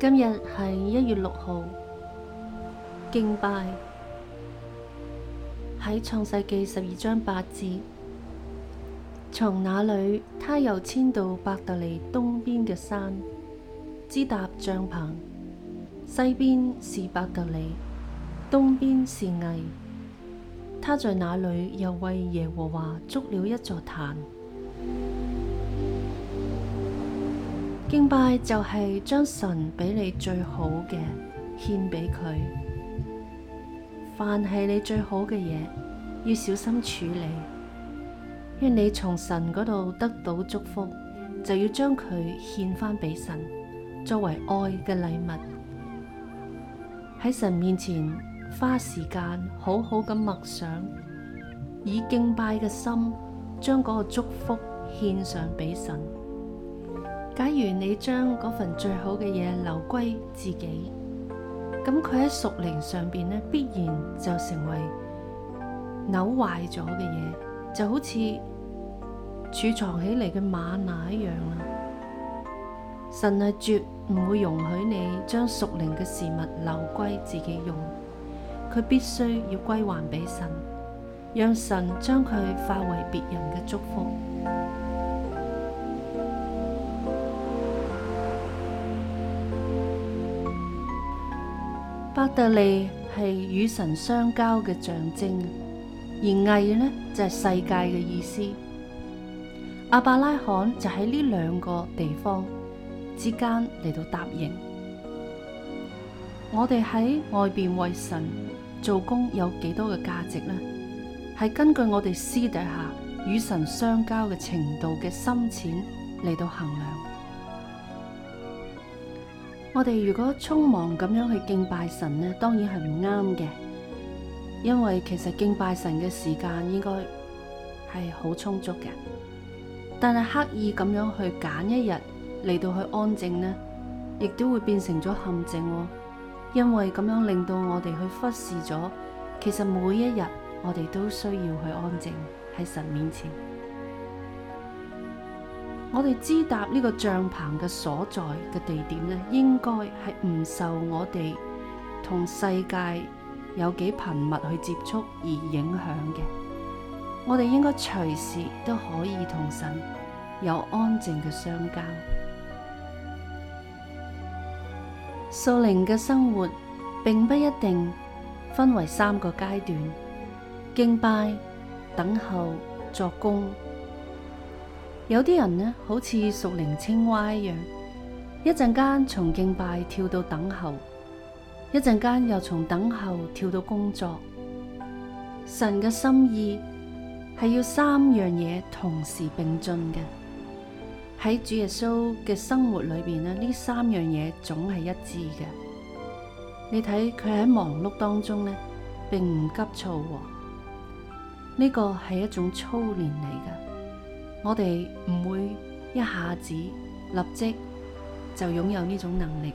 今日係一月六號，敬拜喺創世記十二章八節。從那裏，他又遷到伯特利東邊嘅山，支搭帳棚。西邊是伯特利，東邊是艾。他在那裏又為耶和華築了一座壇。敬拜就係將神俾你最好嘅獻俾佢，凡係你最好嘅嘢，要小心處理。要你從神嗰度得到祝福，就要將佢獻翻俾神，作為愛嘅禮物。喺神面前花時間好好咁默想，以敬拜嘅心將嗰個祝福獻上俾神。假如你將嗰份最好嘅嘢留歸自己，咁佢喺屬靈上邊咧，必然就成為扭壞咗嘅嘢，就好似儲藏起嚟嘅嗎哪一樣啦。神係絕唔會容許你將屬靈嘅事物留歸自己用，佢必須要歸還俾神，讓神將佢化為別人嘅祝福。伯特利係與神相交嘅象徵，而藝呢，就係、是、世界嘅意思。阿伯拉罕就喺呢兩個地方之間嚟到搭營。我哋喺外邊為神做工有幾多嘅價值呢？係根據我哋私底下與神相交嘅程度嘅深淺嚟到衡量。我哋如果匆忙咁樣去敬拜神呢，當然係唔啱嘅，因為其實敬拜神嘅時間應該係好充足嘅，但係刻意咁樣去揀一日嚟到去安靜呢，亦都會變成咗陷阱喎，因為咁樣令到我哋去忽視咗，其實每一日我哋都需要去安靜喺神面前。我哋支搭呢個帳篷嘅所在嘅地點咧，應該係唔受我哋同世界有幾頻密去接觸而影響嘅。我哋應該隨時都可以同神有安靜嘅相交。屬靈嘅生活並不一定分為三個階段：敬拜、等候、作工。有啲人呢，好似熟齡青蛙一樣，一陣間從敬拜跳到等候，一陣間又從等候跳到工作。神嘅心意係要三樣嘢同時並進嘅。喺主耶穌嘅生活裏邊呢，呢三樣嘢總係一致嘅。你睇佢喺忙碌當中呢，並唔急躁喎，呢個係一種操練嚟㗎。我哋唔會一下子立即就擁有呢種能力。